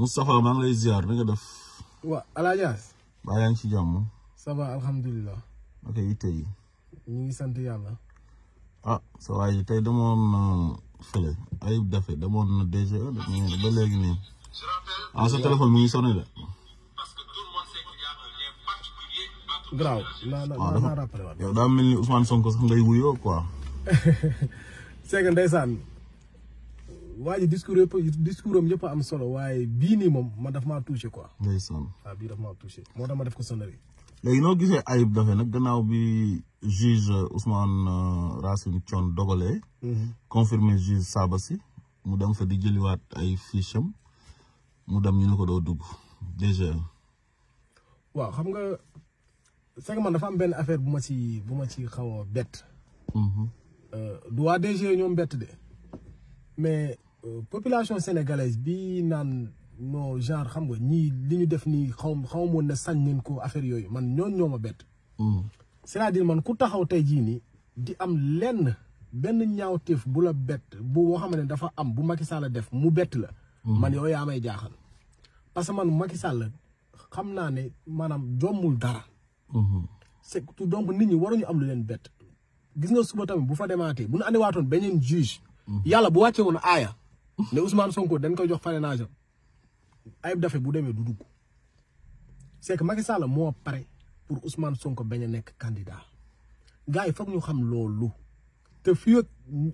Moustapha maa ngi lay ziar na nga def. waa ci jàmm. ça va alhamdulilah. ok it ñu ngi sant yàlla. ah sa waay yi tey demoon fële Ayib Daffé demoon na DG ba léegi nii ah sa mi ngi sonné de. graaw naa naa rappelé waat. yow daa mel waa discours discours ñepp am solo waye bi ni mom ma daf ma quoi. ah bi daf ma touché ko sonnerie. no gisee Ayib dafa nak gannaaw bi juge Ousmane euh, Racine Thion mhm. confirmé juge Sabassi mu dem fa di wat ay ficham mu dem ñu ko déjà. waaw xam nga c'est que man dafa am ben affaire bu ci bu a pas mhm. euh, mais. Euh, population sénégalaise bi naan non genre xam nga ñii li ñu def nii xaw xaw moon na sañ nañ ko affaire yooyu man ñoon ñoo ma bett. Mm. cest à man ku taxaw tey jii nii di am lenn benn ñaaw bu la bett bu boo xam ne dafa am bu Macky Sall def mu bett la. Mm. man yow yaa may jaaxal. parce que man Macky Sall xam naa ne maanaam jommul dara. Mm-hmm. c'est donc nit ñi waruñu am lu leen bett. gis nga suba tamit bu fa demaatee bu ñu andiwaatoon beneen juge. Mm-hmm. yàlla bu wàcce woon aaya. ne Ousmane Sonko dañ koy jox parrainage am Ayib Daffé bu demee du dugg c'est que Macky moo pare pour Ousmane Sonko bañ a nekk candidat gars yi foog ñu xam loolu te fii ak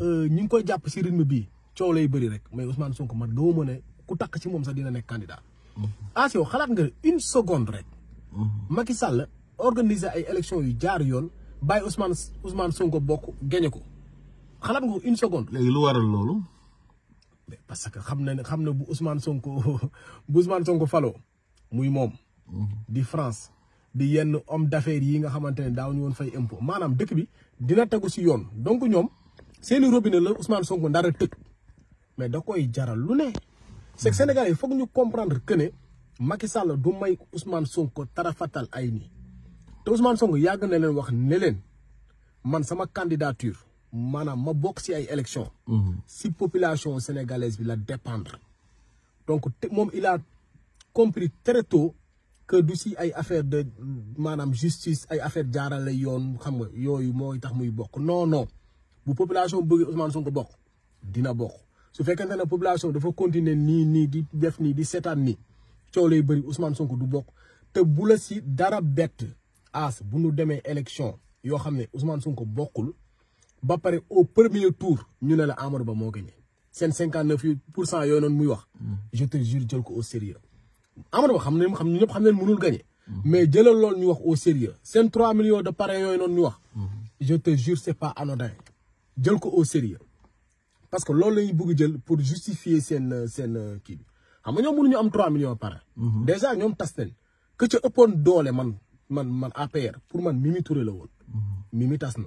euh, ñi ngi koy jàpp si rythme bii coow lay bëri rek mais Ousmane Sonko man doo mën a ku takk ci moom sax dina nekk candidat. Mm-hmm. as yow xalaat nga une seconde rek. Mm-hmm. Macky Sall organiser ay élections yu jaar yoon bàyyi Ousmane Ousmane Sonko bokk gañe ko xalaat nga une seconde. léegi lu waral loolu. parce que xam na ne xam na bu Ousmane Sonko bu Ousmane Sonko falo muy moom. di France di yenn homme d'affaires yi nga xamante ne daawuñu woon fay impôt maanaam dëkk bi dina tegu si yoon donc ñoom seeni robine la usmaan Sonko ndara tëj mais da koy jaral lu ne. c'est sénégal Sénégalais yi foog ñu comprendre que ne Sall du may Ousmane Sonko tarafatal ay ni te Ousmane Sonko yàgg na leen wax ne leen man sama candidature. manam ma bok ci ay élections. Mhm. ci population sénégalaise bi la dépendre. donc mom il a compris très tôt que du ci ay affaire de manam justice ay affaire jaarale yoon xam nga yooyu moy tax muy bok non non bu population bëgg Ousmane Sonko bok dina bok su fekkente na population dafa continuer ni ni di def ni di sétane ni coow lay bëri Ousmane Sonko du bok te bu la ci dara as bu nu démé élection yo xamné Ousmane Sonko bokul au premier tour, nous avons gagné. C'est 59% de nous qui Je te jure, je au sérieux. Amor Bamo, nous avons gagné. Mais nous avons gagné au sérieux. C'est 3 millions de parents Je te jure, ce n'est pas anodin. Je le au sérieux. Parce que nous avons gagné pour justifier ces kibi. Nous avons gagné 3 millions de parents. Mhm. Déjà, nous avons gagné. Que tu aies un peu de man man man APR pour man mimi tourer le monde. Mhm. Mimi tasse non.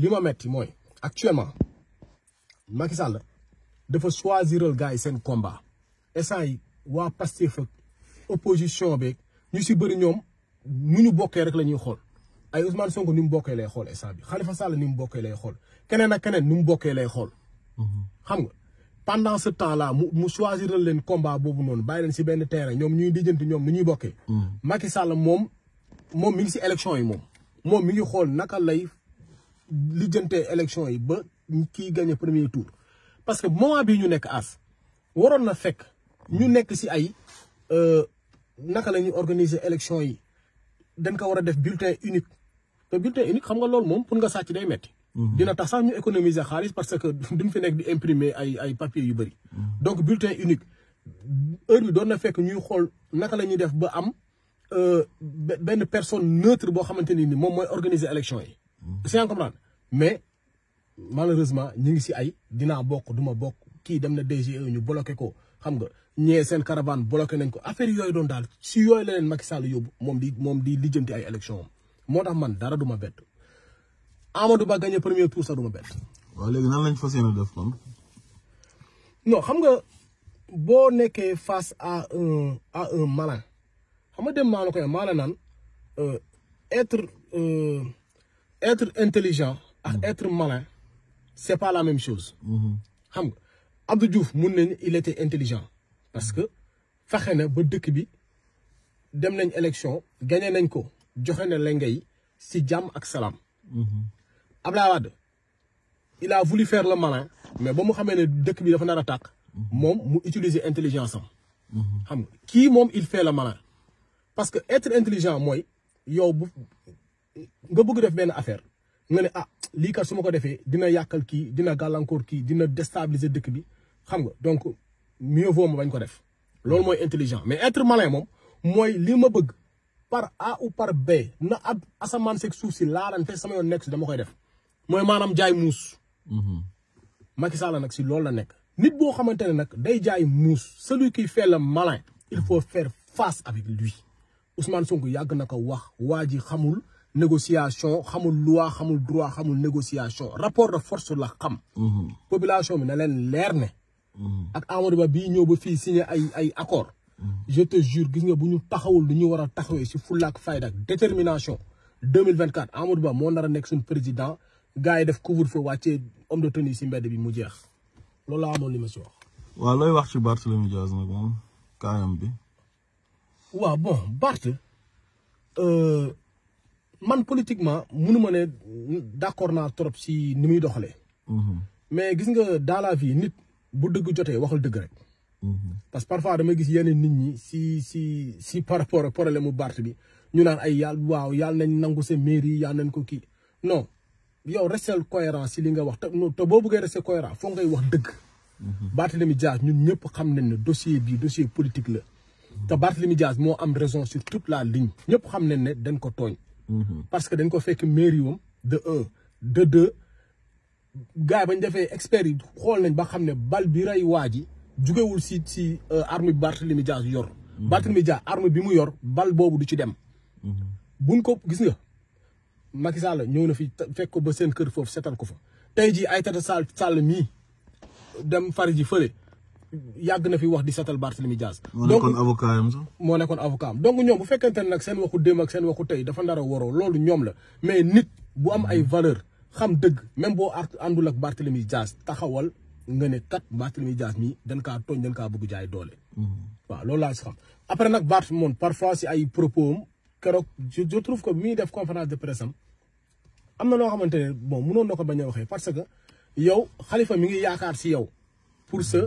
li ma metti mooy actuellement Macky Sall dafa choisiral gars yi seen combat instant yi waa Pastef ak opposition beeg ñu si bëri ñoom nu ñu rek la ñuy ay Ousmane Sonko ni mu bokkee lay xol instant bi Khalifa Sall ni mu bokkee lay xol kenen ak kenen ni mu bokkee lay xool. xam nga pendant ce temps là mu mu choisiral leen combat bobu non bay len ci ben terrain ñom ñuy dijeent ñom nu ñuy bokkee. Mm. Macky Sall mom mom mi ngi si élection yi mom mom mi ngi xol naka lay lijjantee élection yi ba ki gagné premier tour parce que moment bi ñu nek as waron na fek ñu nek ci ay euh, naka la organiser élection yi dañ ko wara a def bulletin unique te bulletin unique xam nga lool mom pour nga sàcc day metti mhm. dina tax sax ñu économiser xaliss parce que duñ fi nek di imprimer ay ay papier yu bari mhm. donc bulletin unique heure bi do na fek ñuy xol naka la ñuy def ba am ben personne neutre bo xamanteni ni moom mooy organiser élection yi c'est mhm. comprendre mais malheureusement ñi ngi nous ay dina bokk duma ma bokk dem na DGE ñu nous ko xam nga caravane bloquer nañ ko affaire yoy doon si yoy la Macky Sall yob mom di mom di ay élection man dara Amadou Ba premier tour sa duma nan lañ fas def non xam nga face à un à un malin xam dem euh, être euh, être intelligent. Mm-hmm. être malin c'est pas la même chose. Mm-hmm. xam Abdou Diouf il était intelligent parce que fexe na ba dëkk bi dem nañ élection gagné nañ ko joxe na la ngay si jàmm ak salaam. Mm-hmm. il a voulu faire le malin mais ba mu xamee ne dëkk bi dafa nar a il moom mu utiliser intelligence am. xam nga il fait le malin parce que être intelligent moi, yow bu nga bëgg def benn affaire nga ne ah lii kat su ko defee dina yakal ki dina gàllankoor ki dina déstabiliser dëkk bi xam nga donc mieux vaut mo bañ ko def loolu moy intelligent mais être malin mom moy li ma bëgg par A ou par B na ab asamaan seeg suuf si laalante sama yon nekk dama koy def moy manam jaay muus. Mhm. Macky Sall nak ci loolu la nekk nit bo xamantene nak day jaay mous celui qui fait le malin il faut faire face avec lui Ousmane Sonko yag na wax waji xamul négociation xamul loi xamul droit xamul négociation rapport de force la xam. Mhm. population bi na leen leer ne. Mhm. ak Amadou Ba bii ñëw ba fi signé ay ay accord mhm. je te jure gis nga buñu taxawul lu ñu wara a ci fulak fayda détermination 2024 Amadou Ba moo nar a nekk président gaay def couvre-feu wàccee homme de tenue ci mbedd bi mu jeex Lool la amoon li ma si wax. Wa wax ci Barthélémy Dias nag moom kaayam bi. Wa bon euh man politiquement mënuma ne d'accord na trop si ni muy doxalee. Mhm. mais gis nga dans la vie nit bu dëgg joté waxal dëgg rek. Mhm. parce parfois dama gis yene nit ñi si si si par rapport au problème mu bi ñu nan ay yàlla waaw yàlla nañ nangu sa mairie yàlla nañ ko ki non yow restel cohérent si li nga wax te bo boo bëggee resté cohérent fo ngay wax dëgg. Mhm. Barthélémy Dias ñun ñëpp xam nañ ne dossier bi, dossier politique la. te Barthélémy Dias moo am raison sur toute la ligne ñëpp xam nañ ne dañ ko tooñ. Mm-hmm. parce que dañ ko fekk mairie wam de un de deux gars yi bañ defee experts yi xool nañ ba xam ne bal bi rey waa ji jugewul si si euh, arme bi Barthélemy Dias yor mm-hmm. Barthélemy Dias arme bi mu yor bal boobu du ci dem mm-hmm. buñ ko gis nga Macky ñëw na fi fekk ba seen kër foofu setal ko fa tey jii Aïssata Tall Sall mii dem fari ji fële yàgg na fi wax di setal Barthélemy Dias. moo nekkoon avocat am sax. moo nekkoon avocat am donc ñoom bu fekkente ne nag seen waxu démb ak seen waxu tey dafa nar a waroo loolu ñoom la mais nit bu am ay valeur xam dëgg même boo àndul ak Barthélemy Dias taxawal nga ne kat Barthélemy Dias mii dañ kaa tooñ dañ kaa bëgg jaay doole. Mm-hmm. waaw loolu laa si xam après nag Barth moom parfois si ay propos am keroog je trouve que bi muy def conférence de presse am am na noo xamante ne bon mënoon na ko bañ a waxee parce que yow xalifa mi ngi yaakaar si yow pour ce.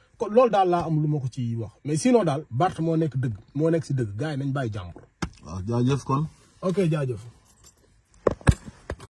loolu daal laa am lu ma ko ci wax mais sinon daal Bart moo nekk dëgg moo nekk si dëgg gars yi nañ bàyyi jàmbur. waaw jaajëf kon. ok jaajëf.